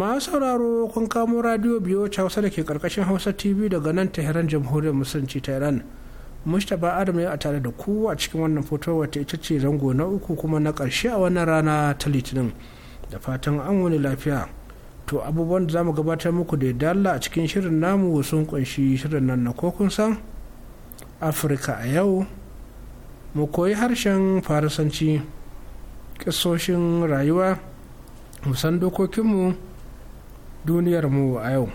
masu sauraro kun kamo radio biyo hausa da ke karkashin hausa tv daga nan tehran jamhuriyar musulunci ta iran mustapha adam ya tare da ku a cikin wannan foto wata ita ce zango na uku kuma na karshe a wannan rana ta litinin da fatan an wani lafiya to abubuwan da zamu gabatar muku da dalla a cikin shirin namu sun kunshi shirin nan na kokun san afirka a yau mu koyi harshen farisanci kisoshin rayuwa musan dokokinmu duniyarmu a yau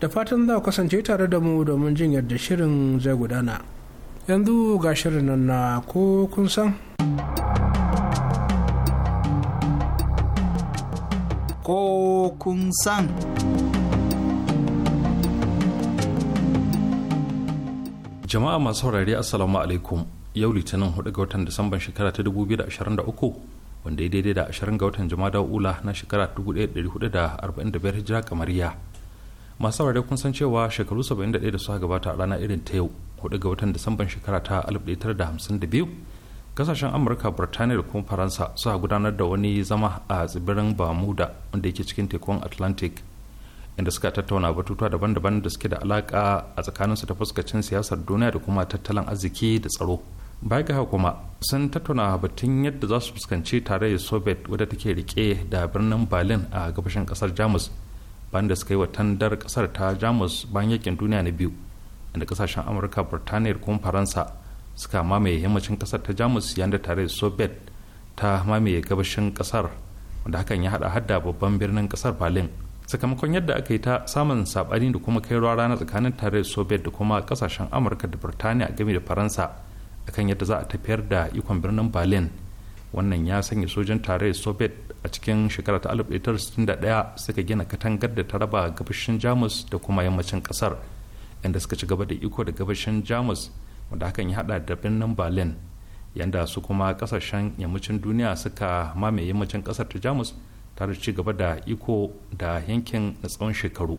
da fatan za ku kasance tare da mu domin jin yadda shirin zai gudana yanzu ga shirin nan na ko kun san ko kun san jama'a masu saurari assalamu alaikum yau litinin 4 ga watan disamban shekara ta 2023 wanda ya daidai da 20 ga watan jama'a ula na shekara 1445 hijira kamariya masu saurare kun san cewa shekaru 71 da suka gabata a ranar irin ta yau hudu ga watan disamban shekara ta 1952 kasashen amurka birtaniya da kuma faransa suka gudanar da wani zama a tsibirin bamuda wanda yake cikin tekun atlantic inda suka tattauna batutuwa daban-daban da suke da alaka a tsakaninsu ta fuskacin siyasar duniya da kuma tattalin arziki da tsaro bai ga kuma sun tattauna batun yadda za su fuskanci tarayyar soviet wadda take rike da birnin berlin a gabashin kasar jamus bayan da suka yi tandar kasar ta jamus bayan yakin duniya na biyu inda kasashen amurka birtaniya kuma faransa suka mamaye yammacin kasar ta jamus yayin da tarayyar soviet ta mamaye gabashin kasar wanda hakan ya hada hadda babban birnin kasar berlin sakamakon yadda aka yi ta samun sabani da kuma kai rana tsakanin tarayyar soviet da kuma kasashen amurka da birtaniya game da faransa akan yadda za a tafiyar da ikon birnin berlin wannan ya sanya sojan tarayyar soviet a cikin shekara ta 1961 suka gina katangar da ta raba gabashin jamus da kuma yammacin kasar inda suka ci gaba da iko da gabashin jamus wanda hakan ya hada da birnin berlin yanda su kuma kasashen yammacin duniya suka mamaye yammacin kasar ta jamus tare ci gaba da iko da yankin na tsawon shekaru.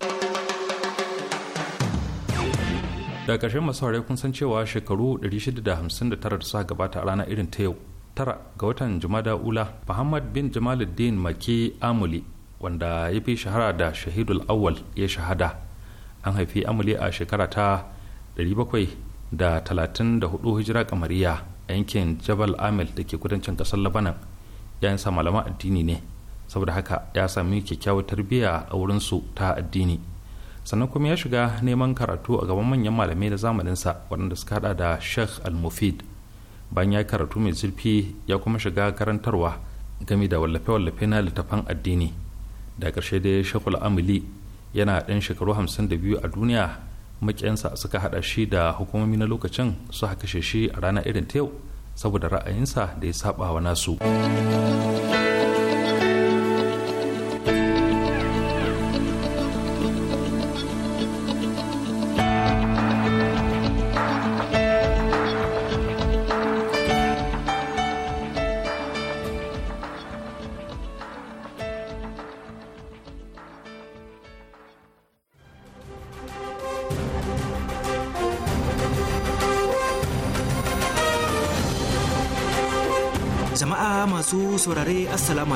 da ƙarshe masu haure kun san cewa shekaru 659 da suka gabata a rana irin ta yau tara ga watan jumada ula muhammad bin jamaluddin maki amuli wanda ya fi shahara da shahidul awwal ya shahada an haifi amuli a shekara ta 734 hijira kamariya a yankin jabal amil da ke kudancin kasar labanan yayin sa malama addini ne saboda haka ya sami kyakkyawar tarbiyya a wurinsu ta addini sannan kuma ya shiga neman karatu a gaban manyan malamai da zamaninsa waɗanda suka haɗa da sheikh al-mufid bayan ya karatu mai zurfi ya kuma shiga karantarwa game da wallafe-wallafe na littafan addini da ƙarshe dai sheikh al yana ɗan shekaru hamsin da biyu a duniya makiyansa suka haɗa shi da hukumomi na lokacin su haka shi a rana irin ta yau saboda ra'ayinsa da ya saba wa nasu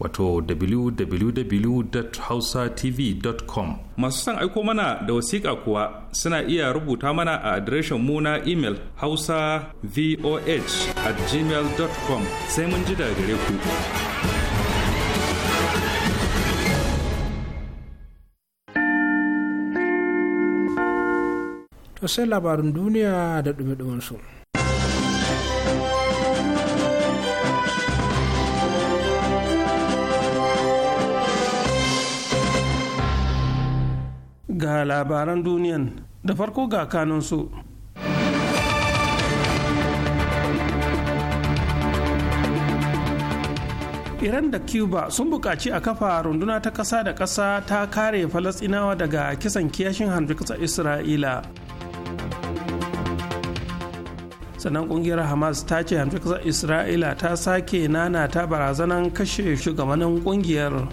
wato www.hausatv.com masu son aiko mana da wasiƙa kuwa suna iya rubuta mana a adireshin mu na imel hausa voh at gmail.com sai mun ji da gare ku to sai labarin duniya da ɗumi su. ga labaran duniyan da farko ga kanunsu. iran da cuba sun buƙaci a kafa runduna ta ƙasa da ƙasa ta kare falasɗinawa daga kisan kiyashin kasa isra'ila sannan ƙungiyar hamas ta ce kasa isra'ila ta sake nana ta barazanan kashe shugabannin ƙungiyar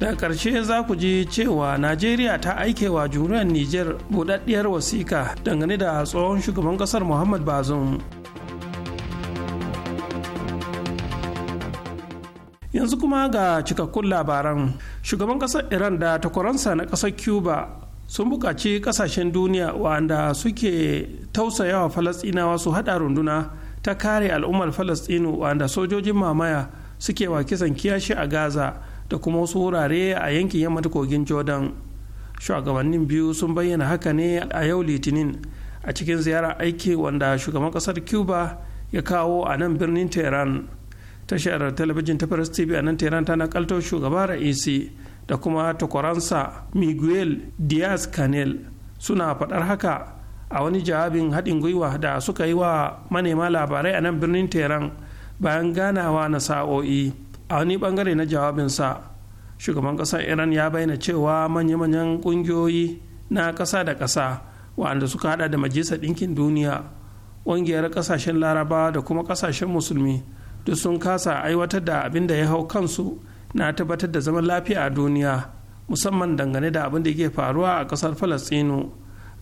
daga ƙarshe za ku ji cewa najeriya ta aikewa juriyar niger buɗaɗɗiyar wasiƙa dangane da tsohon shugaban ƙasar muhammad bazum yanzu kuma ga cikakkun labaran shugaban ƙasar iran da takwaransa na ƙasar cuba sun buƙaci ƙasashen duniya wanda suke tausayawa falastinawa su haɗa runduna ta kare al'ummar falasɗinu wanda sojojin mamaya suke wa kisan kiyashi a gaza da kuma wasu wurare a yankin yamma kogin jordan shugabannin biyu sun bayyana haka ne a yau litinin a cikin ziyarar aiki wanda shugaban kasar cuba ya kawo a nan birnin tehran tashar talabijin ta press tv a nan tehran ta nakalto shugaba ra'isi da kuma takwaransa miguel diaz canel suna faɗar haka a wani jawabin haɗin gwiwa da suka yi wa manema labarai a nan birnin tehran bayan ganawa na sa'o'i a wani bangare na jawabinsa shugaban kasar iran ya bayyana cewa manya-manyan ƙungiyoyi na ƙasa da ƙasa waɗanda suka hada da majalisar ɗinkin duniya ƙungiyar ƙasashen larabawa da kuma ƙasashen musulmi duk sun kasa aiwatar da abin da ya hau kansu na tabbatar da zaman lafiya a duniya musamman dangane da abin da ke faruwa a ƙasar falastinu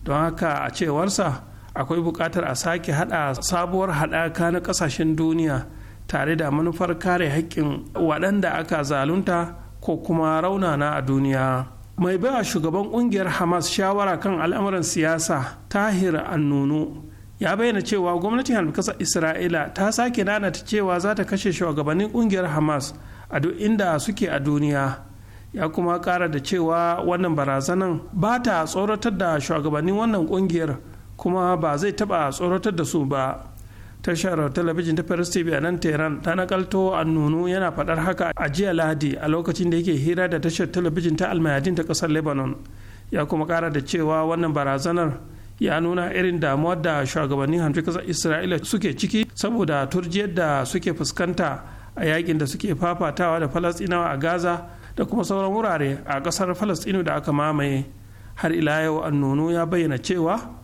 don haka a cewarsa akwai buƙatar a sake hada sabuwar haɗaka na ƙasashen duniya tare da manufar kare haƙƙin waɗanda aka zalunta ko kuma raunana a duniya mai baiwa shugaban ƙungiyar hamas shawara kan al'amuran siyasa tahir annunu ya bayyana cewa gwamnatin halmikasar isra'ila ta sake nanata cewa za ta kashe shugabannin ƙungiyar hamas a duk inda suke a duniya ya kuma kara da cewa wannan barazanan ba ta tsoratar da shugabannin wannan ƙungiyar kuma ba zai taɓa tsoratar da su ba tashar talabijin ta Paris TV a nan Tehran ta nakalto a nunu yana fadar haka a jiya Lahadi a lokacin da yake hira da tashar talabijin ta Almayadin ta kasar Lebanon. Ya kuma kara da cewa wannan barazanar ya nuna irin damuwar da shugabannin hamshin kasar Isra'ila suke ciki saboda turjiyar da suke fuskanta a yakin da suke fafatawa da falastinawa a Gaza da kuma sauran wurare a kasar falastinu da aka mamaye. Har ila yau annono ya bayyana cewa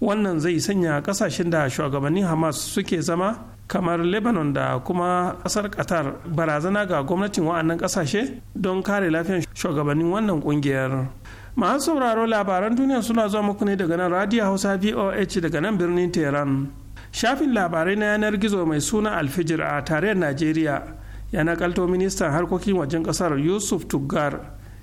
wannan zai sanya kasashen da shugabannin hamas suke zama kamar lebanon da kuma kasar qatar barazana ga gwamnatin wa'annan kasashe don kare lafiyar shugabannin wannan kungiyar masu sauraro labaran duniya suna zuwa muku ne daga nan radio hausa voh daga nan birnin tehran shafin labarai na yanar gizo mai suna alfijir a tarayyar najeriya ya nakalto ministan harkokin wajen kasar yusuf tuggar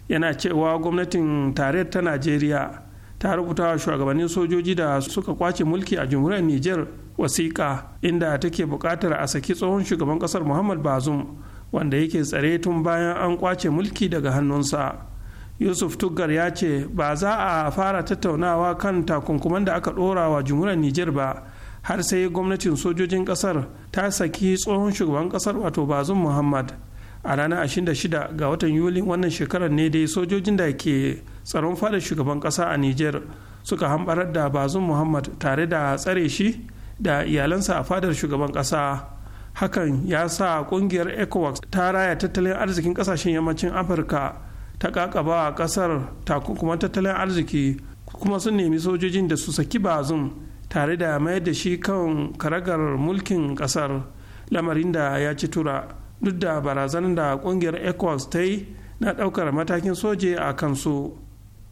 yana cewa gwamnatin tarayyar ta najeriya ta rubuta wa shugabannin sojoji da suka kwace mulki a jamhuriyar Nijar wasiƙa inda take buƙatar a saki tsohon shugaban ƙasar muhammad bazum wanda yake tsare tun bayan an kwace mulki daga hannunsa yusuf tuggar ya ce ba za a fara tattaunawa kan takunkuman da aka ɗora wa jamhuriyar nijar ba har sai gwamnatin sojojin ƙasar ta saki tsohon shugaban ƙasar wato bazum muhammad a ranar 26 ga watan yuli wannan shekarar ne dai sojojin da ke tsaron fadar shugaban kasa a niger suka hambarar da bazum muhammad tare da tsare shi da iyalansa a fadar shugaban kasa hakan ya sa kungiyar ecowas ta raya tattalin arzikin kasashen yammacin afirka ta kakaba a kasar kuma tattalin arziki kuma sun nemi sojojin da su saki bazum tare da mayar da shi kan karagar mulkin kasar lamarin da ya ci tura duk da barazanar da kungiyar ecowas ta yi na daukar matakin soje a kansu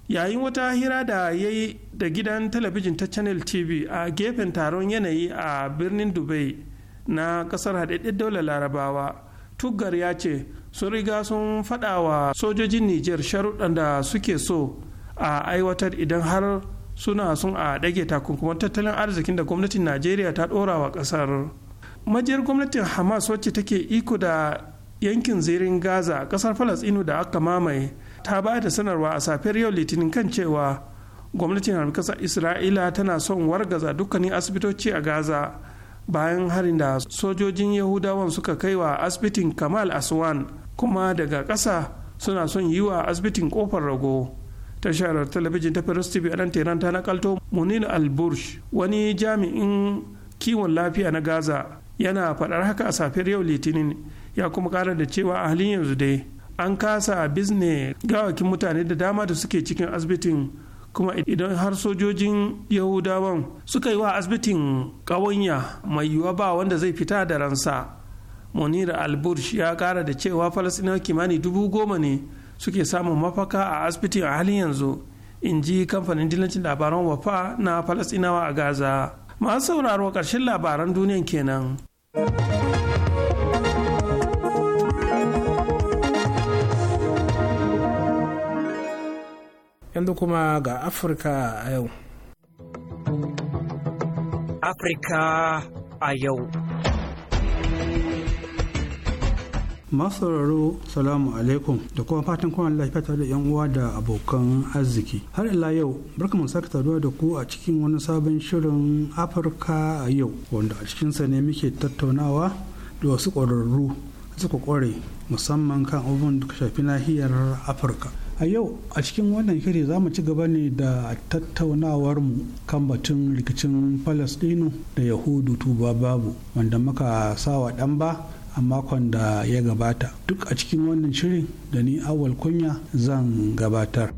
yayin wata hira da ya yi da gidan talabijin ta channel tv a gefen taron yanayi a birnin dubai na kasar haɗaɗɗen daular larabawa tuggar ya ce sun riga sun faɗa wa sojojin niger sharuɗan da suke so a aiwatar idan har suna sun a ɗage takunkuman tattalin arzikin da gwamnatin najeriya ta ɗora wa ƙasar. majiyar gwamnatin hamas wacce take iko da yankin zirin gaza kasar falasinu da aka mamaye ta ba da sanarwa a safiyar yau litinin kan cewa gwamnatin kasar isra'ila tana son wargaza dukkanin asibitoci a gaza bayan harin da sojojin yahudawan suka kai wa asibitin kamal aswan kuma daga ƙasa suna son yi wa asibitin kofar rago tashar talabijin ta paris tv a teran ta nakalto munil albursh wani jami'in kiwon lafiya na gaza yana faɗar haka a safiyar yau litinin ya kuma ƙara da cewa a halin yanzu dai an kasa bizne gawakin mutane da dama da suke cikin asibitin kuma idan har sojojin yahudawan suka yi wa asibitin ƙawanya mai yiwuwa ba wanda zai fita da ransa munir albursh ya kara da cewa falasinawa kimani dubu goma ne suke samun mafaka a asibitin a halin yanzu in ji kamfanin dillancin labaran wafa na falasinawa a gaza masu sauraro ƙarshen labaran duniyan kenan yanzu kuma ga afirka a yau afirka a yau masauraro salamu alaikum da kuma fatan kuna lafiya tare da yan uwa da abokan arziki har ila yau barka mu saka taruwa da ku a cikin wani sabon shirin afirka a yau wanda a cikinsa ne muke tattaunawa da wasu ƙwararru suka ƙware musamman kan abubuwan da shafi nahiyar afirka a yau a cikin wannan shiri za mu ci gaba ne da tattaunawar mu kan batun rikicin palestino da yahudu tuba babu wanda muka sawa dan ba a makon da ya gabata duk a cikin wannan shirin da ni awal kunya zan gabatar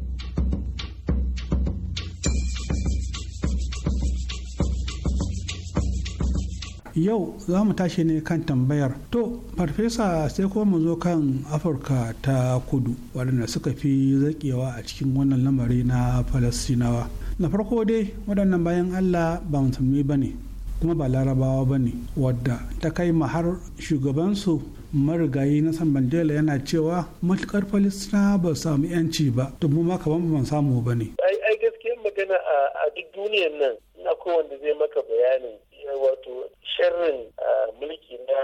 yau za mu tashi ne kan tambayar to farfesa sai kuma mu zo kan afirka ta kudu waɗanda suka fi zaƙewa a cikin wannan lamari na falasinawa na farko dai waɗannan bayan allah ba musulmi ba ne kuma ba larabawa ba ne wadda ta kai ma har shugabansu marigayi na san mandela yana cewa matukar falistina ba samu yanci ba to mu ma kaman ban samu ba ne ai gaskiyar magana a duk duniyar nan na wanda zai maka bayanin eh, wato sharrin mulki na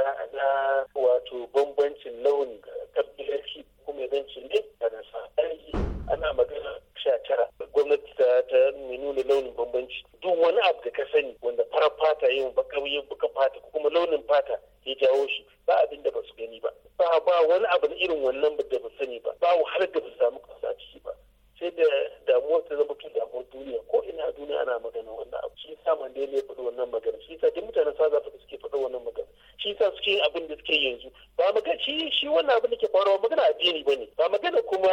wato bambancin launin kabilanci kuma yanci ne da nasa ana magana sha gwamnati ta ta nuna launin bambanci duk wani abu da ka sani wanda farar fata yin baka fata ko kuma launin fata ya jawo shi ba abin da ba su gani ba ba ba wani abu na irin wannan da ba sani ba ba wahalar da ba samu kasa ciki ba sai da damuwa ta zama tun damuwar duniya ko ina duniya ana magana wannan abu shi sa mandela ya faɗi wannan magana shi sa duk mutanen sa za zafi suke faɗi wannan magana shi sa suke abin da suke yanzu ba magana shi shi wannan abin da ke faruwa magana addini bane ba magana kuma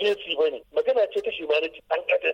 jinsi bane magana ce ta shi humanity an kadan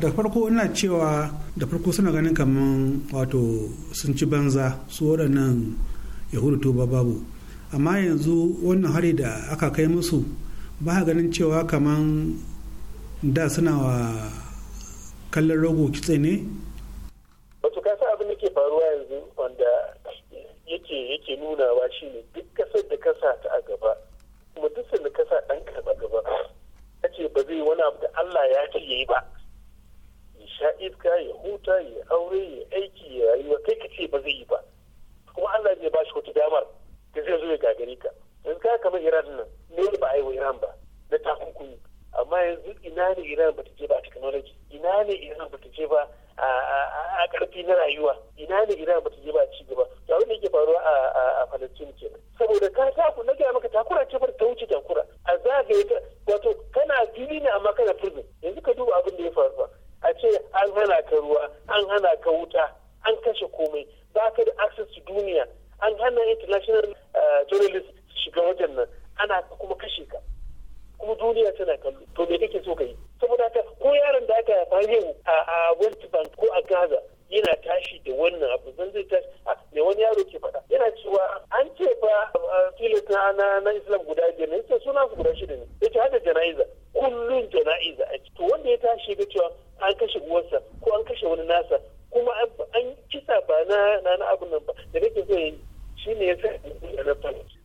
da farko ina cewa da farko suna ganin kamar wato sun ci banza su waɗannan yahudu to babu amma yanzu wannan hari da aka kai musu ba ganin cewa kamar da suna wa kallon rago kitse ne na na abin nan ba da kake so shi ne ya sa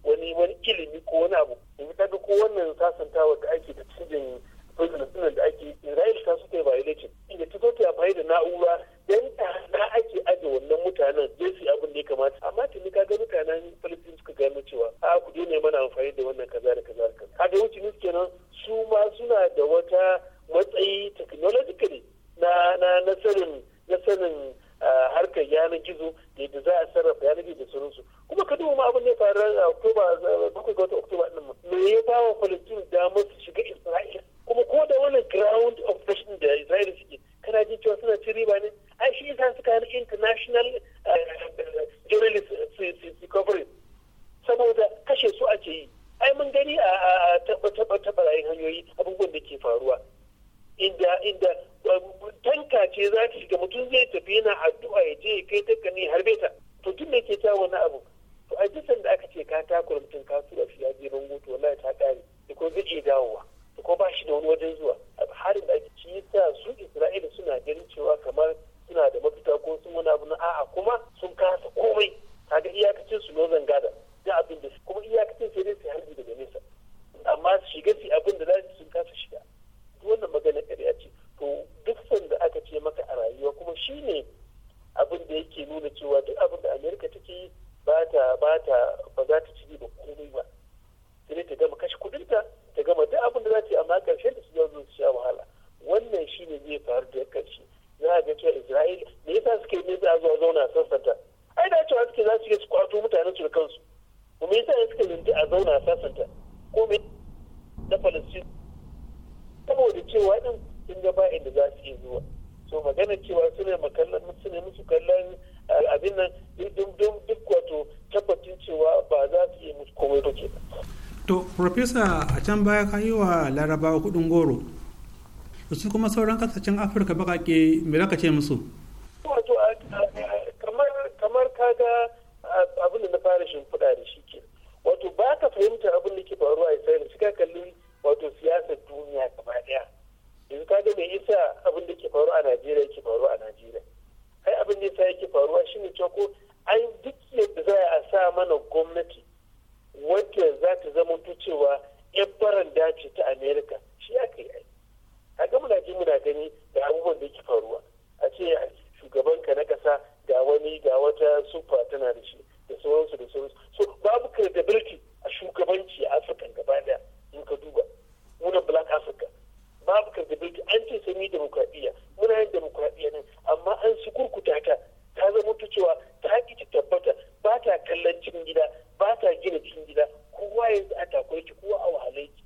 wani wani ilimi ko wani abu yanzu ta ga ko wannan sasantawa da ake da cikin prison da ake Israel ta suka violation inda ta tuto ta bai da na'ura dan ta na ake aje wannan mutanen zai su abin da ya kamata amma tuni ka ga mutanen Palestine suka gano cewa a ku ne mana amfani da wannan kaza da kaza da kaza kaga wuce ne kenan su ma suna da wata matsayi technologically na na na sanin cewa din sun ga ba inda za su yi zuwa so magana cewa suna makallan suna musu kallon eh, abin nan duk wato tabbacin cewa ba za su yi musu komai ba ke to profesa a can baya ka yi wa larabawa kudin goro su kuma sauran kasashen afirka bakake me ka ce musu wato kamar ga abin da na fara shimfiɗa da shi ke wato ba ka fahimtar abin da ke faruwa a isra'ila shi ka kalli wato siyasar duniya gaba daya yanzu kaga mai isa abin da ke faru a najeriya yake faru a najeriya ai abin da ya yake faruwa shine cewa ko ai duk yadda za a sa mana gwamnati wadda za ta zama cewa yan baranda dace ta america shi ya kai ai kaga muna ji muna gani da abubuwan da ke faruwa a ce shugaban ka na kasa ga wani ga wata sufa tana da shi da sauransu da sauransu so babu credibility a shugabanci a afirka gaba daya in ka duba muna black africa babu credibility an ce sun yi demokradiyya muna yin demokradiyya ne amma an su kurkuta ta ta zama ta cewa ta haƙi ta tabbata ba ta kallon cikin gida ba ta gina cikin gida kowa yanzu a takwai ki kowa a wahalai ki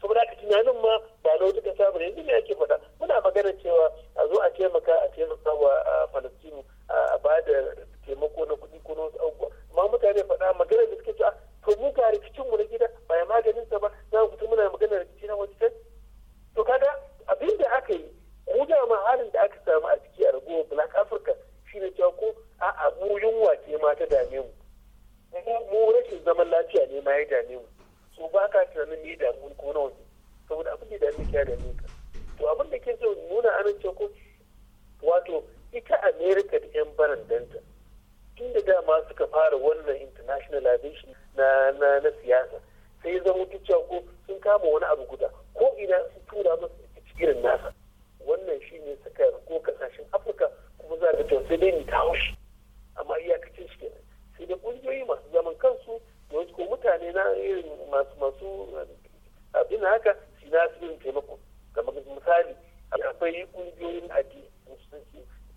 saboda haka tunanin ma ba na wata kasa ba yanzu me ake faɗa muna magana cewa a zo a taimaka a taimaka wa falastinu a ba da taimako na kuɗi ko na wasu abubuwa amma mutane faɗa magana da suke cewa to mu ga rikicin na gida ba ya maganin sa ba za mu fito muna magana rikici na wajen to kaga abin da aka yi mu ma halin da aka samu a ciki a ragowar black africa shi ne cewa ko a'a mu yunwa ce ma ta dame mu mu rashin zaman lafiya ne ma ya dame mu so ba ka tunanin me da mun ko nawa saboda abin da dame ka dame ka to abin da ke so nuna amince ko wato ita america da yan danta tun da dama suka fara wannan internationalization na na siyasa sai ya zama cewa ko sun kama wani abu guda ko ina sun tura masu irin nasa wannan shi ne suka ko kasashen afirka kuma za ga sai dai ni ta haushi amma iyakacin shi kenan sai da kungiyoyi masu zaman kansu da wasu ko mutane na irin masu masu abin haka shi na su irin taimako kamar misali akwai kungiyoyin addini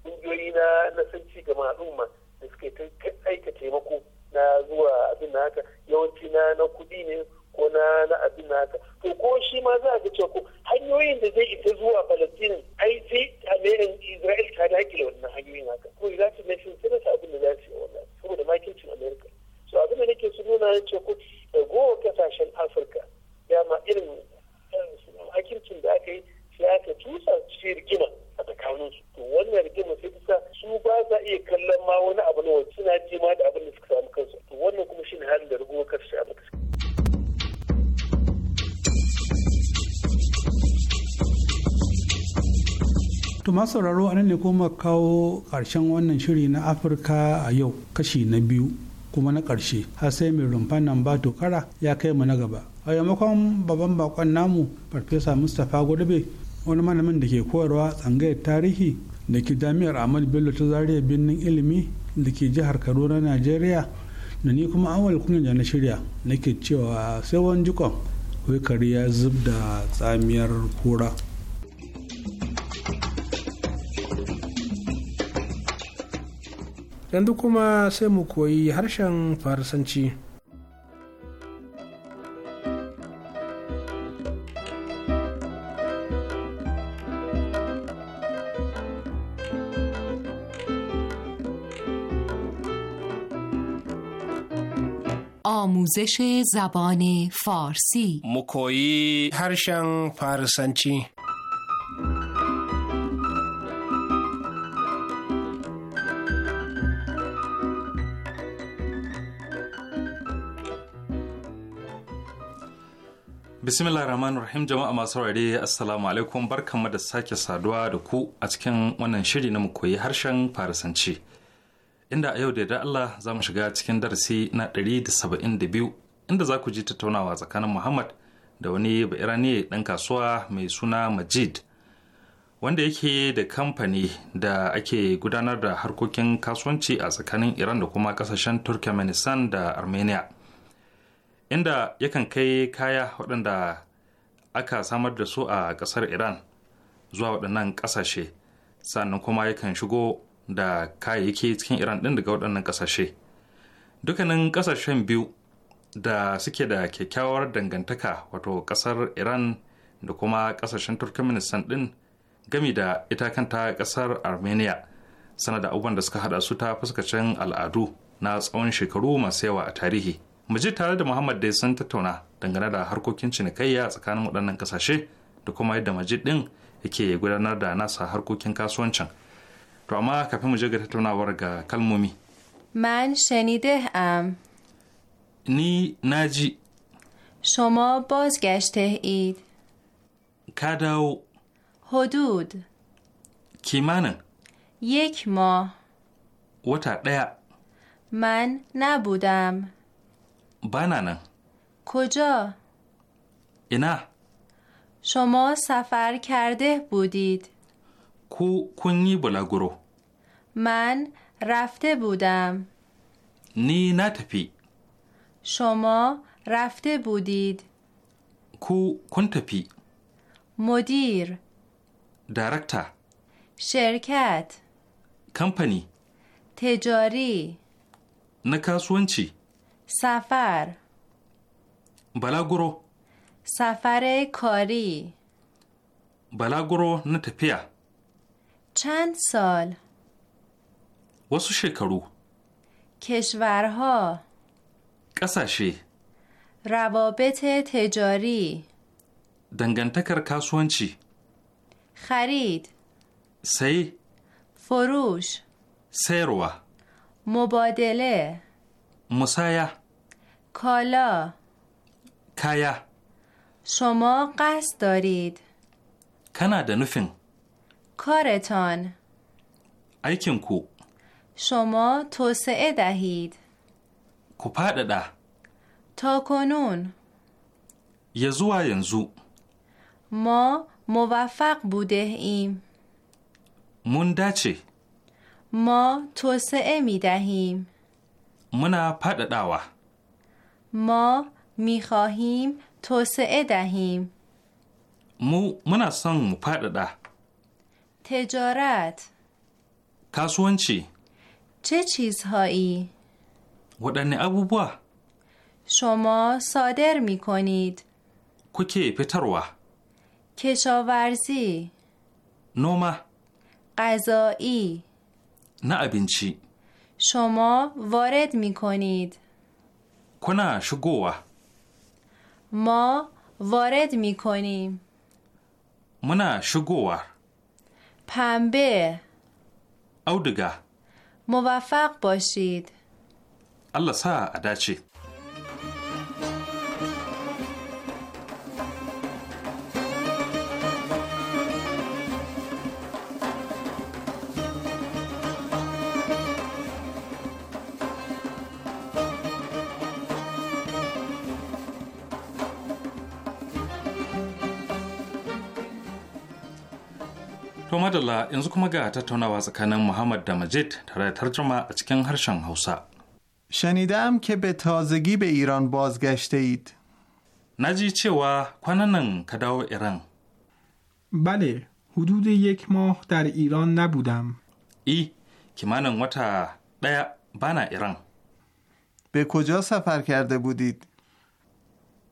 kungiyoyi na na sanci ga al'umma da suke ta aika taimako na zuwa abin na haka yawanci na na kudi ne ko na na abin na haka to ko shi ma za a ga cewa ko hanyoyin da zai ita zuwa Palestine ai sai American Israel ta dakile wannan hanyoyin haka ko za su nation sai rasa abin da za su yi wannan saboda makincin America so abin da nake su nuna ya ce ko gowa kasashen Afirka ma irin eh, makincin da aka yi sai aka tusa shi rigima a tsakanin su to wannan rigima sai ta sa su ba za iya kallon ma wani abu na wani na ji ma da abin da suka samu kansu to wannan kuma shine halin da rigowar karshe a maka To ma sauraro anan ne kuma kawo ƙarshen wannan shiri na Afirka a yau kashi na biyu kuma na ƙarshe har sai mai rumfan nan ba tokara ya kai mu na gaba. A yammakon babban bakon namu Farfesa Mustapha Gurbe wani malamin da ke koyarwa tsangayar tarihi da ke jami'ar ahmad bello ta zaria birnin ilimi da ke jihar kaduna najeriya da ni kuma awal kunya da na shirya nake cewa sai wani jikon kari ya zub da tsamiyar kura yanzu kuma sai mu koyi harshen farsanci. آموزش زبان فارسی مکویی هرشن فارسنچی bismillah rahman rahim jama'a masu saurare assalamu alaikum barkanmu da sake saduwa da ku a cikin wannan shiri na mu koyi harshen farisanci inda a yau da Allah za mu shiga cikin darasi na 172 inda za ku ji tattaunawa tsakanin Muhammad da wani bairani ɗan kasuwa mai suna Majid wanda yake da kamfani da ake gudanar da harkokin kasuwanci a tsakanin Iran da kuma kasashen Turkmenistan da Armenia inda yakan kai kaya waɗanda aka samar da su a ƙasar Iran zuwa waɗannan ƙasashe sannan kuma yakan shigo da kayayyaki cikin iran din daga waɗannan ƙasashe dukkanin ƙasashen biyu da suke da kyakkyawar dangantaka wato ƙasar iran da kuma ƙasashen turkmenistan ɗin gami da ita kanta ƙasar armenia sana da abubuwan da suka hada su ta fuskacin al'adu na tsawon shekaru masu yawa a tarihi muji tare da muhammad dai sun tattauna dangane da harkokin cinikayya tsakanin waɗannan ƙasashe da kuma yadda majid ɗin yake gudanar da nasa harkokin kasuwancin تو اما کافی مجا گره ورگا کلمومی من شنیده ام نی ناجی شما بازگشته اید کدو. حدود کی منه؟ یک ماه وتا دیا من نبودم بانانا کجا اینا شما سفر کرده بودید کو کنی گرو من رفته بودم نی نتپی شما رفته بودید کو کنتپی مدیر دارکتا شرکت کمپنی تجاری نکاسونچی سفر بلاگرو سفر کاری بلاگرو نتپیا چند سال واسو شکرو کشورها کساشی روابط تجاری دنگنتکر کاسوانچی خرید سی فروش سیروه مبادله مسایه کالا کایا شما قصد دارید کنا کارتان کو شما توسعه دهید ده تا کنون یزو ینزو ما موفق بوده ایم من ما توسعه می دهیم منا پدداوا ما می خواهیم توسعه دهیم مو منا سن مو تجارت کاسوانچی چه چیزهایی؟ ودن ابوبوا شما صادر می کنید کوکی پتروا کشاورزی نوما غذایی نه ابینچی شما وارد می کنید کنا شگوا ما وارد می کنیم منا شگوار پنبه دگه موفق باشید الله سا madalla yanzu kuma ga tattaunawa tsakanin Muhammad da Majid tare da tarjuma a cikin harshen Hausa. شنیدم که به تازگی به ایران بازگشته اید. نجی چوا کننن کداو ایران. بله، حدود یک ماه در ایران نبودم. ای که من وتا دیا بنا ایران. به کجا سفر کرده بودید؟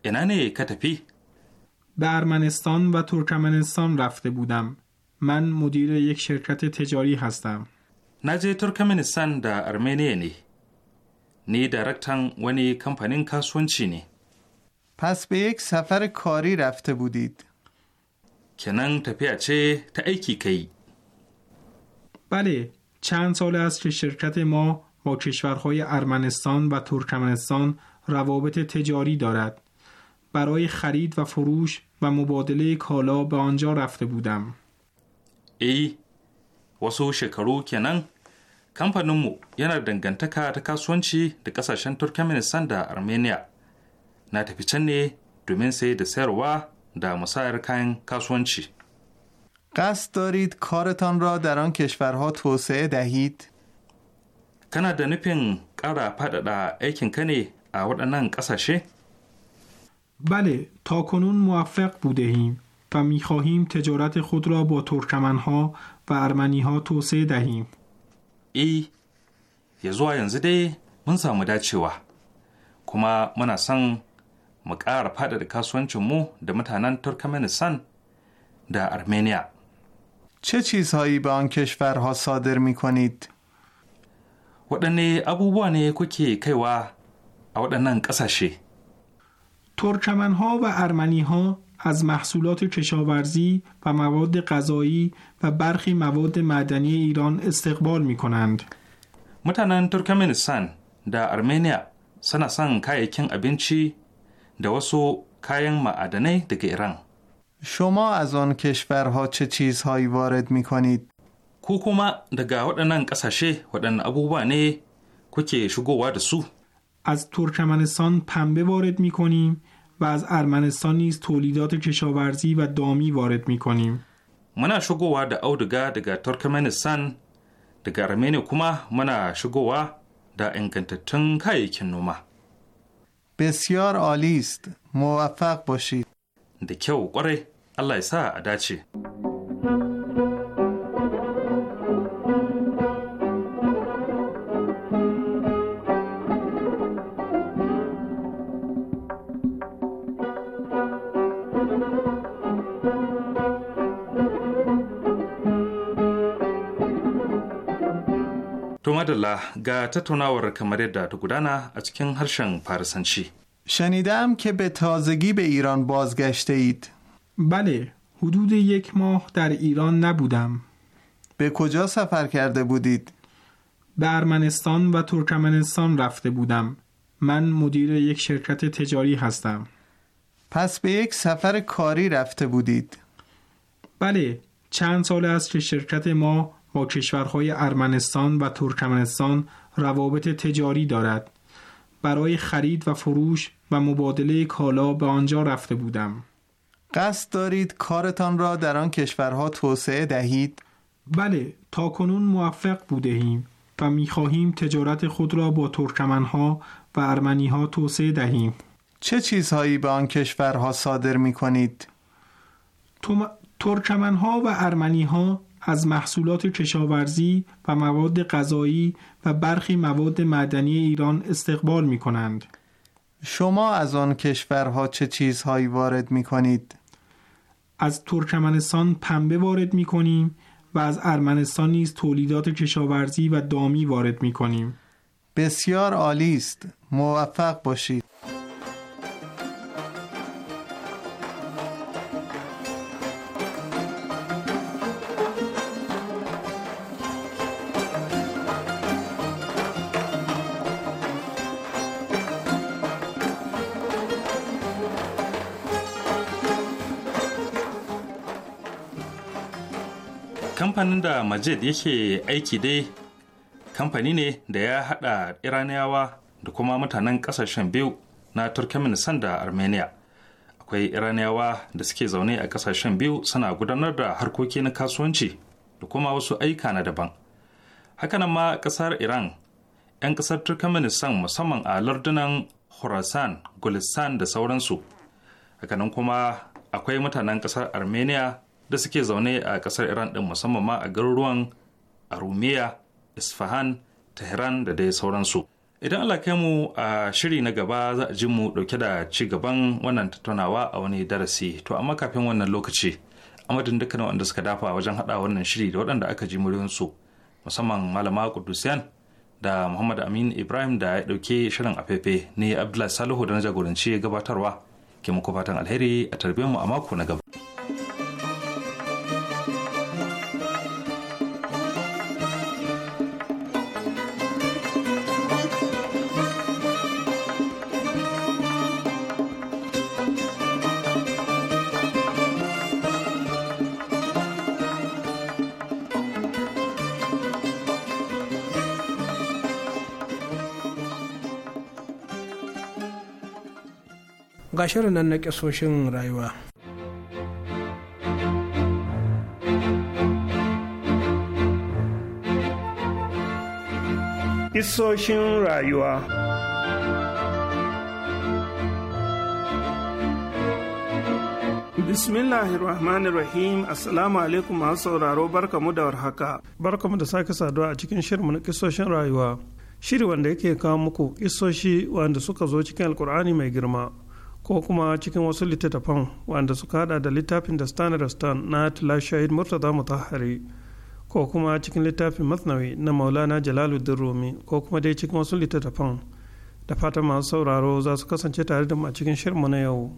اینانه کتپی. به ارمنستان و ترکمنستان رفته بودم. من مدیر یک شرکت تجاری هستم. نجی ترکمنستان در ارمنیه نی. نی ونی کمپنین کاسونچی نی. پس به یک سفر کاری رفته بودید. کنن تپی تا ایکی کی؟ بله، چند سال است که شرکت ما با کشورهای ارمنستان و ترکمنستان روابط تجاری دارد. برای خرید و فروش و مبادله کالا به آنجا رفته بودم. eh wasu shekaru kenan kamfaninmu yana dangantaka ta kasuwanci da kasashen turkmenistan da armenia na tafi can ne domin sai da sayarwa da musayar kayan kasuwanci قصد دارید کارتان را در آن کشورها توسعه دهید؟ kana da nufin ƙara faɗaɗa aikinka ne a waɗannan ƙasashe? Bale, ta kunun muwaffaq budehim. و می خواهیم تجارت خود را با ترکمنها و ارمنیها توسعه دهیم. ای ya zuwa yanzu dai mun samu dacewa kuma muna son mu ƙara faɗaɗa kasuwancinmu da mutanen turkmenistan da armenia چه چیزهایی به آن کشورها صادر می کنید؟ waɗanne abubuwa ne kuke kaiwa a waɗannan ƙasashe? Turkamanha و ارمنیها از محصولات کشاورزی و مواد غذایی و برخی مواد معدنی ایران استقبال می کنند. متنان ترکمنستان در ارمنیا سنا سان کایکن ابینچی در وسو kayan معدنی daga ایران شما از آن کشورها چه چیزهایی وارد می کنید؟ کو کما دگا ودنن کساشه ودن ابوبانه کوکه شگووا از ترکمنستان پنبه وارد می کنیم و از ارمنستان نیز تولیدات کشاورزی و دامی وارد میکنیم. کنیم. منا شگو و ده او دگا دگا ترکمنستان دگا رمینه کما منا شگو د انگنت تنکای بسیار عالی است. موفق باشید. دکیو قره. الله سا اداچه. To madalla ga tattaunawar kamar yadda ta gudana a cikin شنیدم که به تازگی به ایران بازگشته اید بله حدود یک ماه در ایران نبودم به کجا سفر کرده بودید؟ به ارمنستان و ترکمنستان رفته بودم من مدیر یک شرکت تجاری هستم پس به یک سفر کاری رفته بودید؟ بله چند سال است که شرکت ما کشورهای ارمنستان و ترکمنستان روابط تجاری دارد. برای خرید و فروش و مبادله کالا به آنجا رفته بودم. قصد دارید کارتان را در آن کشورها توسعه دهید؟ بله، تا کنون موفق بوده ایم و می خواهیم تجارت خود را با ترکمنها و ارمنیها توسعه دهیم. چه چیزهایی به آن کشورها صادر می کنید؟ ترکمنها و ارمنیها از محصولات کشاورزی و مواد غذایی و برخی مواد معدنی ایران استقبال می کنند. شما از آن کشورها چه چیزهایی وارد می کنید؟ از ترکمنستان پنبه وارد می کنیم و از ارمنستان نیز تولیدات کشاورزی و دامی وارد می کنیم. بسیار عالی است. موفق باشید. kamfanin da majid yake aiki dai kamfani ne da ya haɗa iraniyawa da kuma mutanen ƙasashen biyu na turkmenistan da armenia akwai iraniyawa da suke zaune a ƙasashen biyu suna gudanar da harkoki na kasuwanci da kuma wasu aika na daban hakanan ma ƙasar iran 'yan ƙasar turkmenistan musamman a lardunan khorasan gulistan da sauransu hakanan kuma akwai mutanen ƙasar armenia da suke zaune a kasar iran din musamman ma a garuruwan arumiya isfahan tehran da dai sauransu idan allah kai mu a shiri na gaba za a ji mu dauke da ci gaban wannan tattaunawa a wani darasi to amma kafin wannan lokaci amadin dukkan wanda suka dafa wajen hada wannan shiri da waɗanda aka ji muryoyinsu musamman malama kudusiyan da muhammad amin ibrahim da ya dauke shirin afefe ne abdullahi salihu da na jagoranci gabatarwa ke muku fatan alheri a tarbiyyar mu a mako na gaba. shirin nan na kisoshin rayuwa. Isoshin rayuwa Bismillahirrahmanirrahim Assalamu alaikum masu sauraro barkamu da warhaka. Barkamu da sake saduwa a cikin shirin na kisoshin rayuwa. Shiri wanda yake kawo muku kisoshi wanda suka zo cikin alkur'ani mai girma ko kuma cikin wasu littattafan wanda suka kada da littafin da standard stan na tila shahid murtaza mutahari ko kuma cikin littafin masnawi na maulana jalaluddin rumi ko kuma dai cikin wasu littattafan da fata masu sauraro za su kasance tare da mu a cikin shirmu na yau.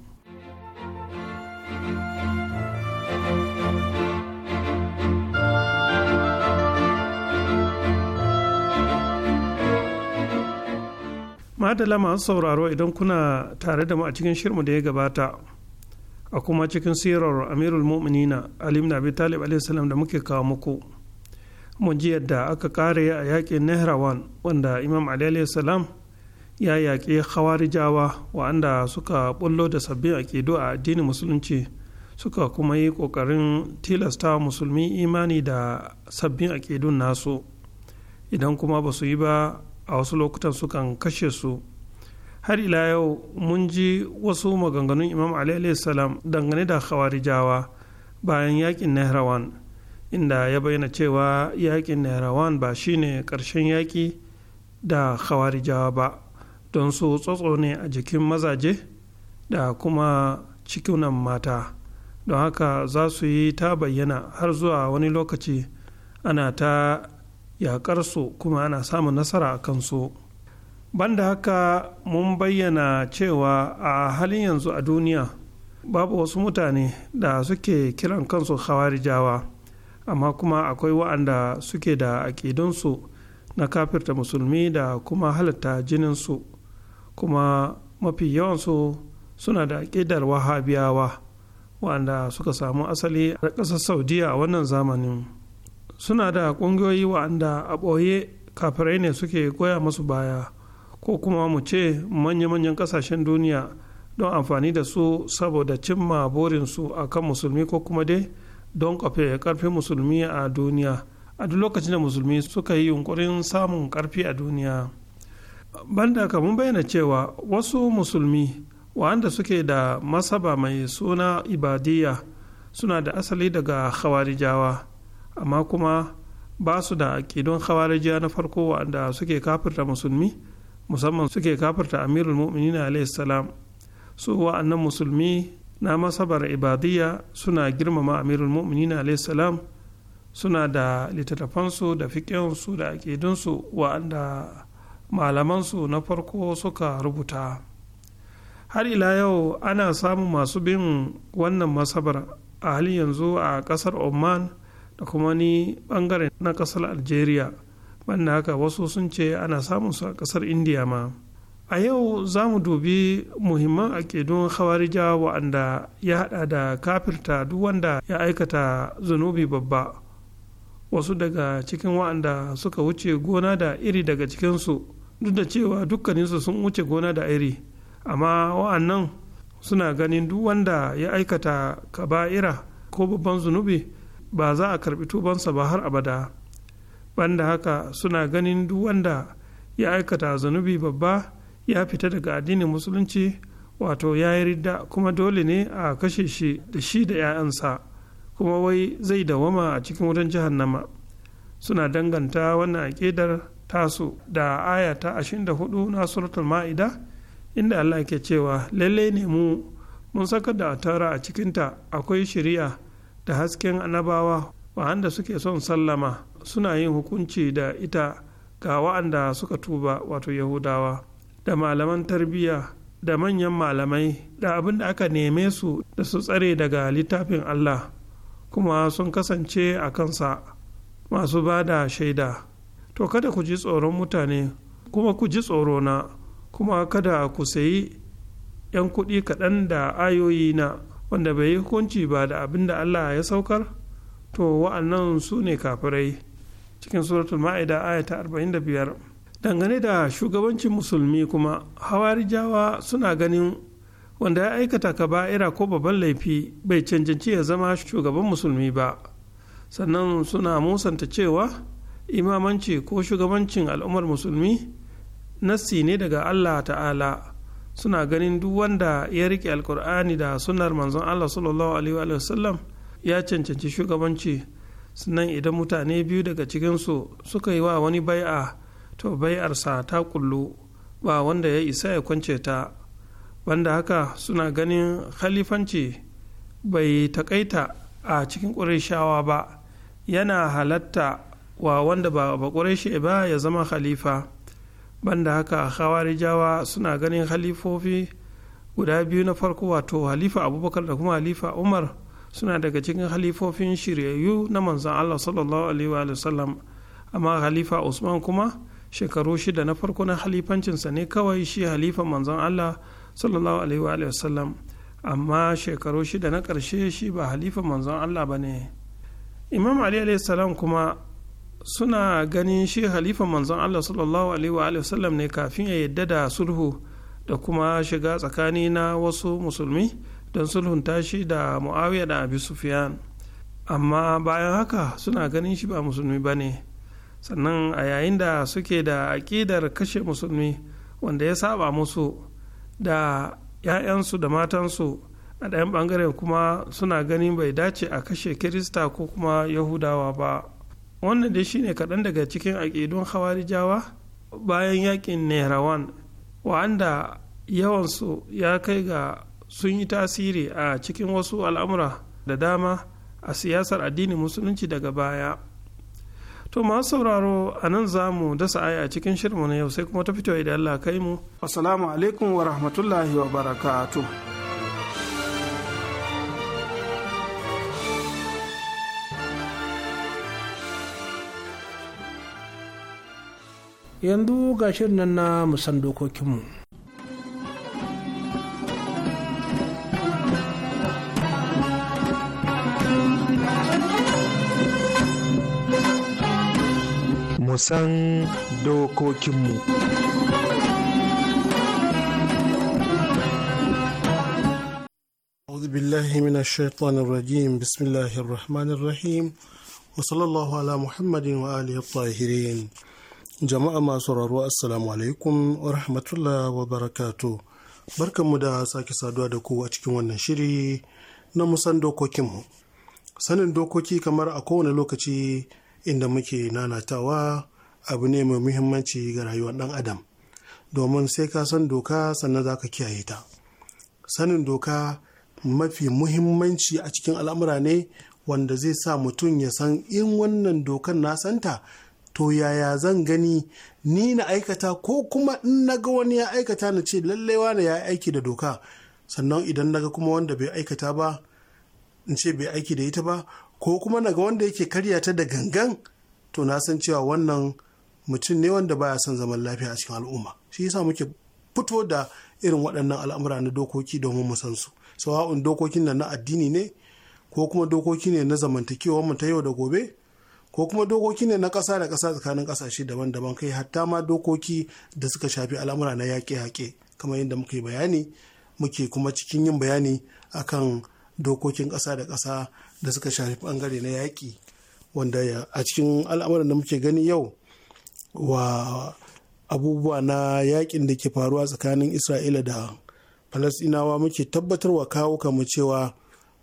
madala masu sauraro idan kuna tare da mu a cikin shirmu da ya gabata a kuma cikin sirar amirul mu'minina alim na bi talib da muke kawo muku mun ji yadda aka kare a yakin nehrawan wanda imam ali salam ya yaƙi hawarijawa wa'anda suka bullo da sabbin aƙidu a addinin musulunci suka kuma yi ƙoƙarin tilasta musulmi imani da sabbin aƙidun nasu idan kuma ba su yi ba a wasu lokutan sukan kashe su har ila yau mun ji wasu maganganun imam ali salam dangane da khawarijawa bayan yakin nehrawan inda ya bayyana cewa yakin nehrawan ba shine ƙarshen yaki da khawarijawa ba don su tsotso ne a jikin mazaje da kuma cikunan mata don haka za su yi ta bayyana har zuwa wani lokaci ana ta yaƙarsu kuma ana samun nasara a kansu banda haka mun bayyana cewa a halin yanzu a duniya babu wasu mutane da suke kiran kansu hawarijawa amma kuma akwai wa'anda suke da aƙidunsu na kafirta musulmi da kuma halatta jininsu kuma mafi yawansu suna da aƙidar wahabiyawa wa'anda suka samu asali a ƙasar saudiya a wannan zamanin suna da ƙungiyoyi wa'anda a ɓoye kafirai ne suke goya masu baya ko kuma mu ce manya-manyan ƙasashen duniya don amfani da su saboda cimma burinsu a kan musulmi ko kuma dai don kafe karfin musulmi a duniya a duk lokacin da musulmi suka yi yunkurin samun karfi a duniya banda ka mun bayyana cewa wasu musulmi wanda suke da masaba mai suna ibadiyya suna da asali daga khawarijawa amma kuma ba su da aƙidun khawarijiya na farko wanda suke kafirta musulmi musamman suke kafirta amirul mu'minin alayhi salam su wa'annan musulmi na masabar ibadiyya suna girmama amirul mu'minin alayhi salam suna da littattafansu da fiƙinsu da aƙidunsu wa'anda malamansu na farko suka rubuta har ila yau ana samun masu bin wannan masabar a halin yanzu a ƙasar oman da kuma ni bangare na kasar algeria banda haka wasu sun ce ana samun su a kasar india ma a yau za mu dubi muhimman akidun hawarija wa'anda ya hada da kafirta duk wanda ya aikata zunubi babba wasu daga cikin wa'anda suka wuce gona da iri daga cikinsu duk da cewa dukkaninsu sun wuce gona da iri amma wa'annan suna ganin duk wanda ya aikata kaba'ira ko babban zunubi ba za a karbi tubansa ba har abada banda haka suna ganin duk wanda ya aikata zunubi babba ya fita daga addinin musulunci wato ya yi ridda kuma dole ne a kashe shi da shi da 'ya'yansa kuma wai zai dawama a cikin wutan jahannama suna danganta wannan aƙidar tasu da aya ta 24 na suratul ma'ida inda Allah ke cewa lallai ne mu mun saka da tara a cikinta akwai shari'a da hasken annabawa wa'anda suke son sallama suna yin hukunci da ita ga wa'anda suka tuba wato yahudawa da malaman tarbiyya da manyan malamai da abin da aka neme su da su tsare daga littafin allah kuma sun kasance a kansa masu ba da shaida to kada ku ji tsoron mutane kuma ku ji tsorona, kuma kada ku sayi 'yan kuɗi kaɗan da ayoyi na wanda bai yi hukunci ba da abin da Allah ya saukar to wa'annan su ne kafirai cikin suratul ma'ida aya ta 45 dangane da shugabancin musulmi kuma hawarijawa suna ganin wanda ya aikata kaba'ira ko babban laifi bai cancanci ya zama shugaban musulmi ba sannan suna musanta cewa imamanci ko shugabancin al'ummar musulmi nassi ne daga Allah ta'ala suna ganin duk wanda ya rike alkur'ani da sunar manzon allah sallallahu alaihi wa sallam ya cancanci shugabanci sannan idan mutane biyu daga cikinsu suka yi wa wani bai'a to bai'arsa ta kullu ba wanda ya isa ya kwance ta banda haka suna ganin khalifanci bai takaita a cikin ƙurashawa ba yana halatta wa wanda ba ƙurashe ba ya zama khalifa banda haka khawarijawa suna ganin halifofi guda biyu na farko wato halifa abubakar da kuma halifa umar suna daga cikin halifofin shiryayyu na manzan allah sallallahu alaihi wa sallam amma halifa usman kuma shekaru shida na farko na halifancinsa ne kawai shi halifa manzan allah sallallahu alaihi wa sallam amma shekaru shida na ƙarshe shi ba halifa manzon allah ba ne imam ali salam kuma suna ganin shi halifa manzon Allah sallallahu alaihi wasallam ne kafin ya yadda da sulhu da kuma shiga tsakani na wasu musulmi don sulhunta shi da muawiya da abi sufyan amma bayan haka suna ganin shi ba musulmi ba ne sannan a yayin da suke da aƙidar kashe musulmi wanda ya saba musu da 'ya'yansu da matansu a ɗayan ɓangaren kuma suna ganin bai dace a kashe kirista ko kuma yahudawa ba wannan dai shine kaɗan daga cikin aƙidun hawarijawa bayan yakin nehrawan wa'anda yawansu ya kai ga sun yi tasiri a cikin wasu al'amura da dama a siyasar addinin musulunci daga baya to masu sauraro a nan za mu dasa aya a cikin shirmu na yau sai kuma ta fito idan Allah kai mu assalamu alaikum wa rahmatullahi wa barakatuh yanzu ga shirin na musan dokokinmu musan dokokinmu أعوذ بالله من الشيطان الرجيم بسم الله الرحمن الرحيم وصلى الله على محمد وآله الطاهرين jama'a masu raro assalamu alaikum wa rahmatullah wa barakatu barkanmu da sake saduwa da ku a cikin wannan shiri na musan dokokinmu sanin dokoki kamar a kowane lokaci inda muke nanatawa abu ne mai muhimmanci ga rayuwar ɗan adam domin sai ka san doka sannan za ka kiyaye ta sanin doka mafi muhimmanci a cikin al'amura ne wanda zai sa mutum ya san in wannan dokan na santa to yaya zan gani ni na aikata ko kuma in naga wani ya aikata na ce lallai na ya aiki da doka sannan idan naga kuma wanda bai aikata ba in ce bai aiki da ita ba ko kuma naga wanda yake karya ta da gangan to na san cewa wannan mutum ne wanda baya son zaman lafiya a cikin al'umma shi yasa muke fito da irin waɗannan al'amura na dokoki domin mu san su sawa'un dokokin nan na addini ne ko kuma dokoki ne na zamantakewar mu ta yau da gobe ko kuma dokoki ne na ƙasa da ƙasa tsakanin ƙasashe daban-daban kai hatta ma dokoki da suka shafi al'amura na yaƙe-yaƙe kamar yadda muke bayani muke kuma cikin yin bayani akan dokokin ƙasa da ƙasa da suka shafi ɓangare na yaƙi wanda a cikin al'amuran da muke gani yau wa abubuwa na yaƙin da ke faruwa tsakanin isra'ila da falasɗinawa muke tabbatarwa kawo mu cewa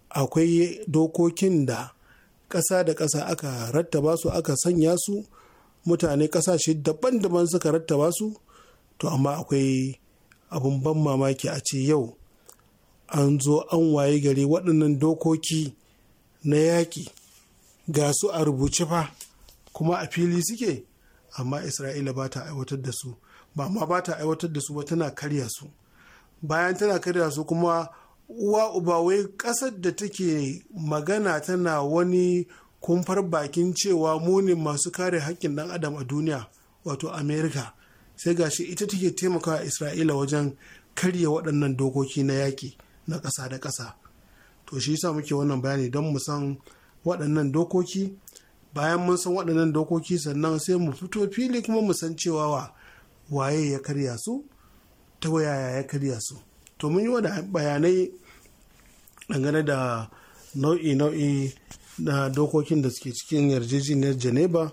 akwai dokokin da ƙasa da ƙasa aka rattaba su aka sanya su mutane ƙasashe daban-daban suka rattaba su to amma akwai abin ban mamaki a ce yau an zo an waye gari waɗannan dokoki na yaƙi ga su a rubuce fa kuma a fili suke amma isra'ila ba ta aiwatar da su ba ma ba ta aiwatar da su ba tana karya su bayan tana karya su kuma uwa uba wai ƙasar da take magana tana wani kumfar bakin cewa muni masu kare haƙƙin ɗan adam a duniya wato amerika sai gashi ita take taimakawa isra'ila wajen karya waɗannan dokoki na yaƙi na ƙasa da ƙasa to shi yasa muke wannan bayani don mu san waɗannan dokoki bayan mun san waɗannan dokoki sannan sai mu fito fili kuma mu san cewa waye ya karya su ta wayaya ya karya su to mun yi wa bayanai dangane da nau'i-nau'i na dokokin da suke cikin yarjejeniyar geneva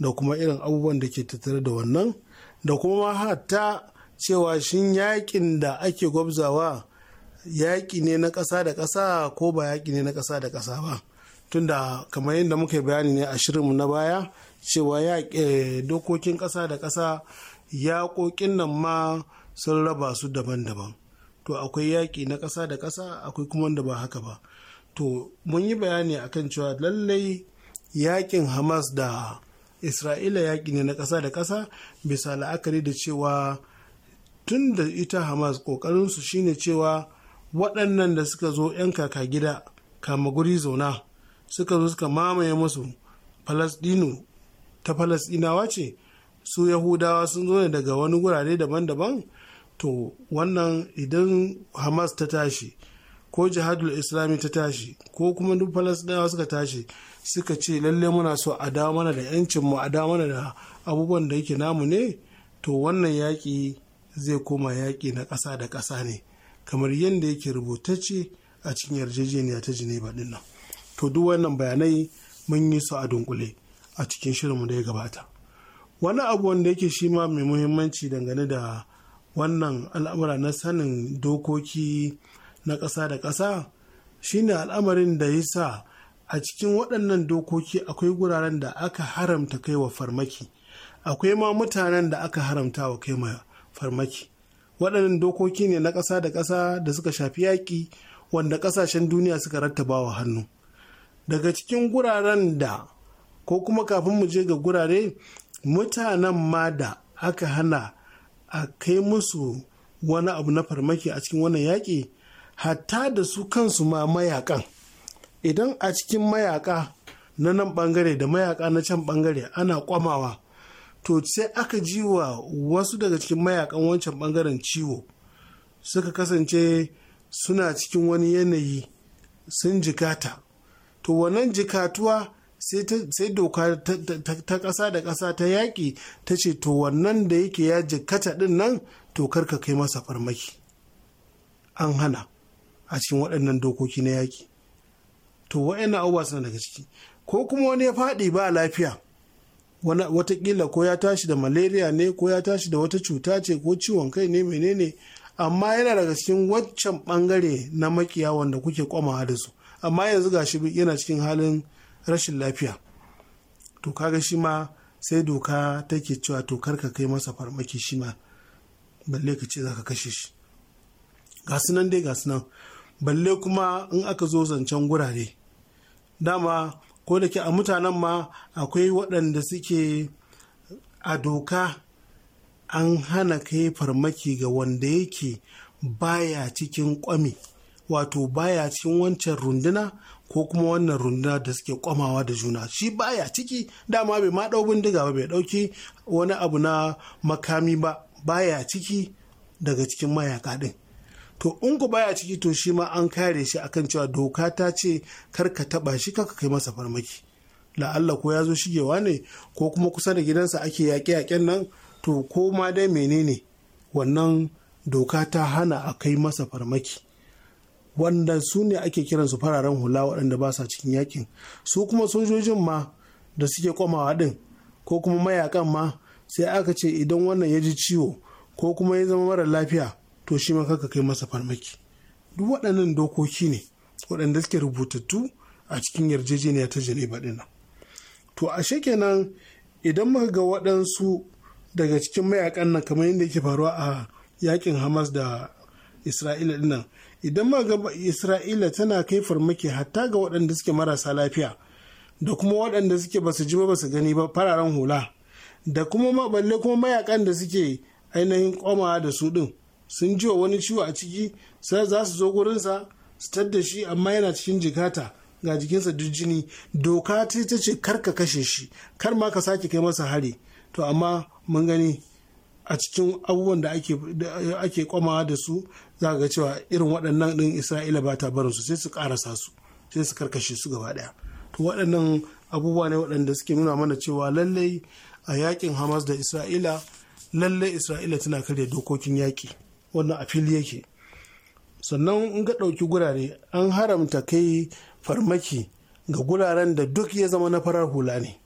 da kuma irin abubuwan da ke tattare da wannan da kuma hatta cewa shin yakin da ake gwabzawa yaƙi ne na ƙasa da ƙasa ko ba yaƙi ne na ƙasa da ƙasa ba tunda kamar yadda muka bayani ne a shirinmu na baya cewa eh, dokokin ƙasa da ƙasa yaƙoƙin nan ma sun raba su daban-daban to akwai yaƙi na ƙasa da ƙasa akwai kuma wanda ba haka ba to mun yi bayani akan cewa lallai yaƙin hamas da isra'ila yaƙi ne na ƙasa da ƙasa bisa la'akari da cewa tun da ita hamas ƙoƙarinsu shine cewa waɗannan da suka zo 'yan kaka gida kama guri zauna suka zo suka mamaye musu falasɗinu ta falasɗinawa ce su yahudawa sun zo ne daga wani wurare daban-daban to wannan idan hamas ta tashi ko jihadul islami ta tashi ko kuma duk falasdawa suka tashi suka ce lalle muna so a dawo mana da 'yancinmu a dawo mana da abubuwan da yake namu ne to wannan yaƙi zai koma yaƙi na ƙasa da ƙasa ne kamar yadda yake rubutacce a cikin yarjejeniya ta Geneva din nan. To duk wannan bayanai mun yi su a dunkule a cikin shirinmu da ya gabata. Wani abu wanda yake shi ma mai muhimmanci dangane da wannan al'amura na sanin dokoki na ƙasa da ƙasa shine al'amarin da ya sa a cikin waɗannan dokoki akwai guraren da aka haramta kai wa farmaki akwai ma mutanen da aka haramta wa kai farmaki waɗannan dokoki ne na ƙasa da ƙasa da suka shafi yaƙi wanda ƙasashen duniya suka rattaba wa hannu daga cikin guraren da ko kuma kafin mu je ga gurare mutanen ma da aka hana a kai musu wani abu na farmaki a cikin wannan yaƙi hatta da su kansu ma mayaƙan. idan a cikin mayaƙa na nan bangare da mayaƙa na can bangare ana kwamawa to sai aka ji wa wasu daga cikin mayaƙan wancan bangaren ciwo suka kasance suna cikin wani yanayi sun jikata to wannan jikatuwa sai doka ta ƙasa da ƙasa ta yaƙi ta ce to wannan da yake ya jikkata ɗin nan to karka kai masa farmaki an hana a cikin waɗannan dokoki na yaƙi to wa'ina abubuwa suna daga ciki ko kuma wani ya faɗi ba lafiya watakila ko ya tashi da malaria ne ko ya tashi da wata cuta ce ko ciwon kai ne menene amma yana daga cikin waccan bangare na makiya wanda kuke kwamawa da su amma yanzu gashi yana cikin halin rashin lafiya to kaga shi ma sai doka take cewa to kar ka kai masa farmaki shi ma balle ka ce za ka kashe shi ga nan dai ga nan balle kuma in aka zo zancen gurare dama ko da ke a mutanen ma akwai waɗanda suke a doka an hana kai farmaki ga wanda yake baya cikin kwami wato baya cikin wancan runduna ko kuma wannan runduna da suke kwamawa da juna shi baya ciki dama bai ma dau bindiga ba bai ɗauki wani abu na makami ba baya ciki daga cikin mayaka ɗin to in ku baya ciki to shi ma an kare shi akan cewa doka ta ce kar ka taɓa shi ka kai masa farmaki la'alla ko ya zo shigewa ne ko kuma kusa da gidansa ake yaƙe-yaƙen nan to ko ma dai menene wannan doka ta hana a kai masa farmaki wanda su ne ake kiransu fararen hula waɗanda ba sa cikin yakin su kuma sojojin ma da suke komawa ɗin ko kuma mayakan ma sai aka ce idan wannan ya ji ciwo ko kuma ya zama mara lafiya to shi ma kaka kai masa farmaki duk waɗannan dokoki ne waɗanda suke rubutattu a cikin yarjejeniya ta Geneva ɗin to a kenan idan muka ga waɗansu daga cikin mayakan nan kamar yadda yake faruwa a yakin Hamas da Isra'ila ɗin idan ma ga isra'ila tana kai farmaki hatta ga waɗanda suke marasa lafiya da kuma waɗanda suke ba su ji ba su gani ba fararen hula da kuma balle kuma mayakan da suke ainihin komawa da su din sun ji wa wani ciwo a ciki sai za su zo gurinsa su tadda shi amma yana cikin jikata ga jikinsa duk jini doka ta ce kar ka kashe shi kar ma ka sake kai masa hari to amma mun gani a cikin abubuwan da ake kwamawa da su za ga cewa irin waɗannan ɗin isra'ila ba ta barinsu sai su ƙarasa su sai su karkashe su gaba ɗaya to waɗannan abubuwa ne waɗanda suke nuna mana cewa lallai a yakin hamas da isra'ila lallai isra'ila tana karya dokokin yaƙi wannan a fili yake sannan in ka ɗauki gurare an haramta kai farmaki ga guraren da duk ya zama na farar hula ne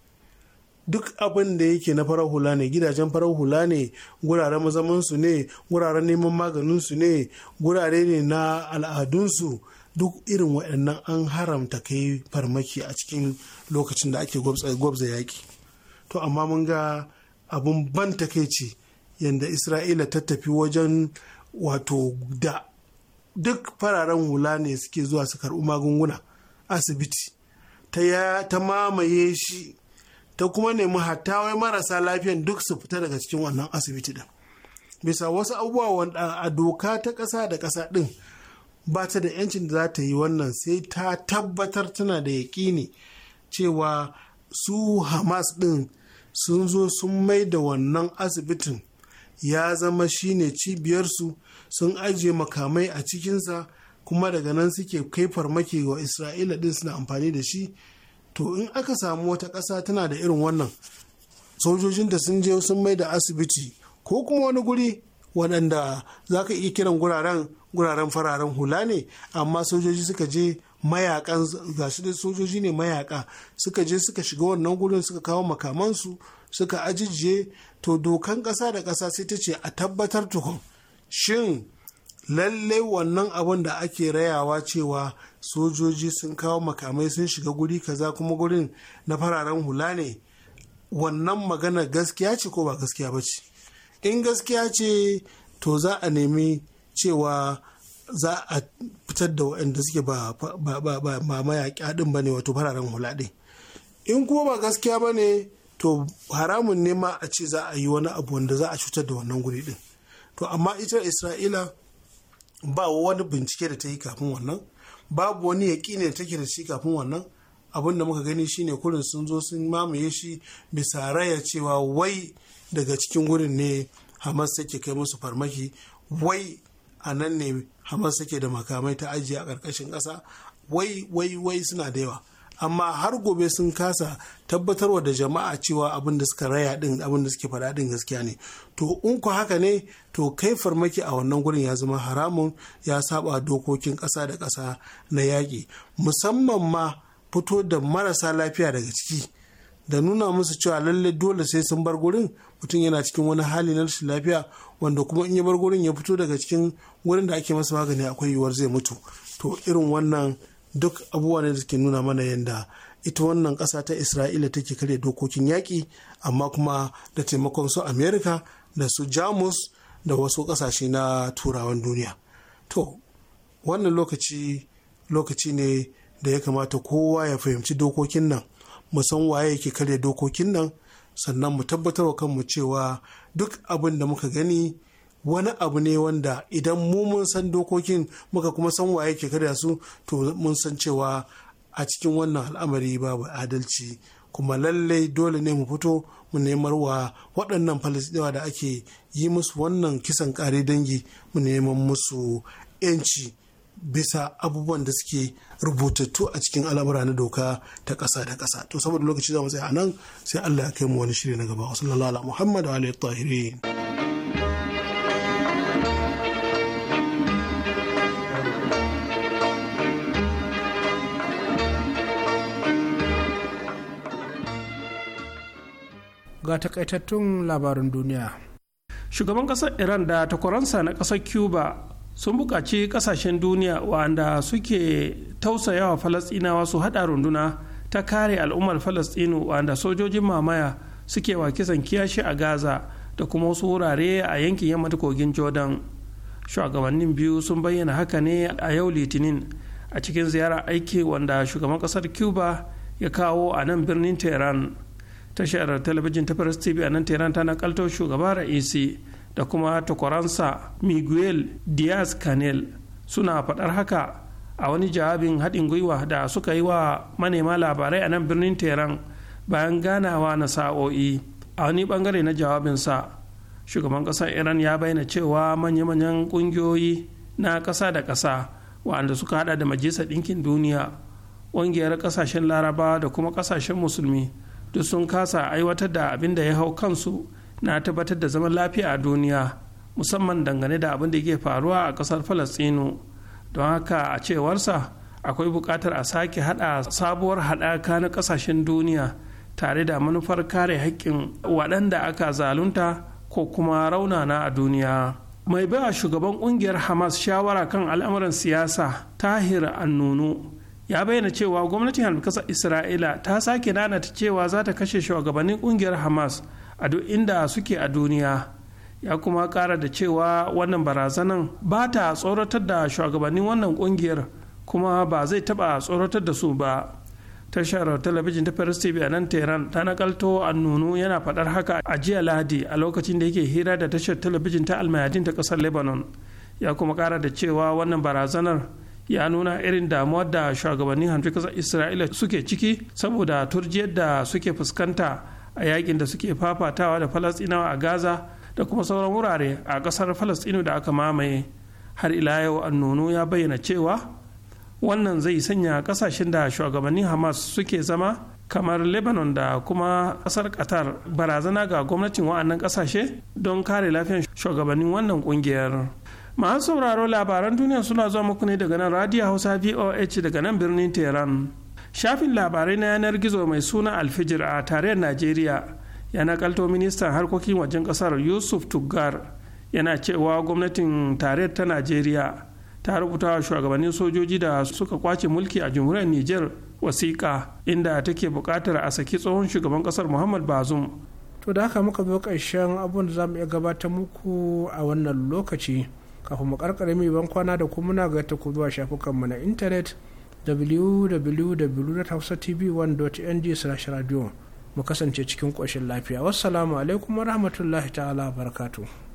duk abin da yake na farar hula ne gidajen farar hula ne guraren mazamansu ne guraren neman maganinsu ne gurare ne na al'adunsu duk irin waɗannan an haramta kai farmaki a cikin lokacin da ake gwabza yaƙi to amma mun ga abin ban takaici yadda isra'ila ta tafi wajen wato da duk fararen hula ne suke zuwa su karɓi magunguna asibiti ta mamaye shi ta kuma nemi hatta wai marasa lafiyan duk su fita daga cikin wannan asibiti din bisa wasu abubuwa wanda a doka ta ƙasa da ƙasa din ba ta da yancin da za ta yi wannan sai ta tabbatar tana da yaƙini cewa su hamas din sun zo sun mai da wannan asibitin ya zama shine cibiyarsu sun ajiye makamai a cikinsa kuma daga nan suke kai farmaki wa isra'ila din suna amfani da shi to in aka samu wata ƙasa tana da irin wannan sojojin da sun je sun mai da asibiti ko kuma wani guri waɗanda za ka iya kiran guraren fararen hula ne amma sojoji suka je mayakan ga su da sojoji ne mayaka suka je suka shiga wannan gurin suka kawo makamansu suka ajiye to dokan ƙasa da ƙasa sai ta ce a tabbatar tukun shin lallai wannan abin da ake rayawa cewa sojoji sun kawo makamai sun shiga guri kaza kuma gurin na fararen hula ne wannan magana gaskiya ce ko ba gaskiya ba ce in gaskiya ce to za a nemi cewa za a fitar da waɗanda suke ba mayaƙi ɗin ba ne wato fararen hula ɗin in kuma ba gaskiya ba ne to haramun ne ma a ce za a yi wani abu wanda za a cutar da wannan guri ɗin to amma ita isra'ila ba wani bincike da ta yi kafin wannan babu wani yaƙi ne da take da shi kafin wannan abin da muka gani shine kurin sun zo sun mamaye shi bisa raya cewa wai daga cikin wurin ne hamas take kai musu farmaki wai a nan ne hamas take da makamai ta ajiye a ƙarƙashin ƙasa wai wai wai suna da yawa amma har gobe sun kasa tabbatarwa da jama'a cewa abin da suka raya din abin da suke faɗa din gaskiya ne to in ku haka ne to kai farmaki a wannan gurin ya zama haramun ya saba dokokin ƙasa da ƙasa na yaƙi musamman ma fito da marasa lafiya daga ciki da nuna musu cewa lalle dole sai sun bar gurin mutum yana cikin wani hali na rashin lafiya wanda kuma in ya bar gurin ya fito daga cikin wurin da ake masa magani akwai yiwuwar zai mutu to irin wannan duk abubuwa ne da suke nuna mana yadda ita wannan ƙasa ta isra'ila take karya dokokin yaƙi amma kuma da taimakon su amerika da su jamus da wasu ƙasashe na turawan duniya to wannan lokaci lokaci ne da ya kamata kowa ya fahimci dokokin nan mu san waye yake karya dokokin nan sannan mu tabbatar wa kanmu cewa duk abin da muka gani wani abu ne wanda idan mu mun san dokokin muka kuma san waye ke karya su to mun san cewa a cikin wannan al'amari babu adalci kuma lallai dole ne mu fito mu nemar wa waɗannan falisdewa da ake yi musu wannan kisan ƙare dangi mu neman musu 'yanci bisa abubuwan da suke rubutattu a cikin al'amura na doka ta ƙasa da ƙasa to saboda lokaci za mu tsaya a nan sai allah ya kai mu wani shiri na gaba wasu lalala Muhammadu alayhi ga takaitattun labarin duniya shugaban kasar iran da takwaransa na kasar cuba sun buƙaci ƙasashen duniya wanda suke tausayawa falastinawa su haɗa runduna ta kare al'ummar falastinu wanda sojojin mamaya suke wa kisan kiyashi a gaza da kuma wasu wurare a yankin yamma kogin jordan shugabannin biyu sun bayyana haka ne a yau litinin a cikin ziyarar aiki wanda shugaban kasar cuba ya kawo a nan birnin tehran tashar talabijin ta press tv a nan tehran ta nakalto shugaba ra'isi da kuma takwaransa miguel diaz canel suna faɗar haka a wani jawabin haɗin gwiwa da suka yi wa manema labarai a nan birnin tehran bayan ganawa na sa'o'i a wani bangare na jawabinsa shugaban ƙasar iran ya bayyana cewa manya-manyan ƙungiyoyi na ƙasa da ƙasa waɗanda suka hada da majalisar ɗinkin duniya ƙungiyar ƙasashen larabawa da kuma ƙasashen musulmi duk sun kasa aiwatar da abin da ya hau kansu na tabbatar da zaman lafiya a duniya musamman dangane da abin da ke faruwa a kasar falastinu don haka a cewarsa akwai buƙatar a sake haɗa sabuwar haɗaka na ƙasashen duniya tare da manufar kare haƙƙin waɗanda aka zalunta ko kuma raunana a duniya mai baiwa shugaban ƙungiyar hamas shawara kan al'amuran siyasa tahir annunu ya bayyana cewa gwamnatin halmikasar isra'ila ta sake nanata cewa za ta kashe shugabannin kungiyar hamas a duk inda suke a duniya ya kuma kara da cewa wannan barazanan ba ta tsoratar da shugabannin wannan kungiyar kuma ba zai taba tsoratar da su ba tashar talabijin ta paris tv a nan tehran ta nakalto a nunu yana faɗar haka a jiya lahadi a lokacin da yake hira da tashar talabijin ta almayadin ta kasar lebanon ya kuma kara da cewa wannan barazanar ya nuna irin damuwa da shugabannin hamshin kasar isra'ila suke ciki saboda turjiyar da suke fuskanta a yakin da suke fafatawa da falastinawa a gaza da kuma sauran wurare a kasar falastinu da aka mamaye har ila yau nuno ya bayyana cewa wannan zai sanya kasashen da shugabannin hamas suke zama kamar lebanon da kuma kasar qatar barazana ga gwamnatin wa'annan kasashe don kare lafiyar shugabannin wannan kungiyar masu sauraro labaran duniya suna zuwa muku ne daga nan radio hausa voh daga nan birnin tehran shafin labarai na yanar gizo mai suna alfijir a tarayyar najeriya ya nakalto ministan harkokin wajen kasar yusuf tuggar yana cewa gwamnatin tarayyar ta najeriya ta rubuta wa shugabannin sojoji da suka kwace mulki a jamhuriyar niger wasiƙa inda take buƙatar a saki tsohon shugaban kasar muhammad bazum to da haka muka zo ƙarshen abun da za mu iya gabatar muku a wannan lokaci kafin mu karkare mai ban kwana da kuma na ga ta ku shafukan shafukanmu na intanet www.hausatv1.ng/radio mu kasance cikin ƙoshin lafiya wassalamu alaikum warahmatullahi ta'ala barakatuh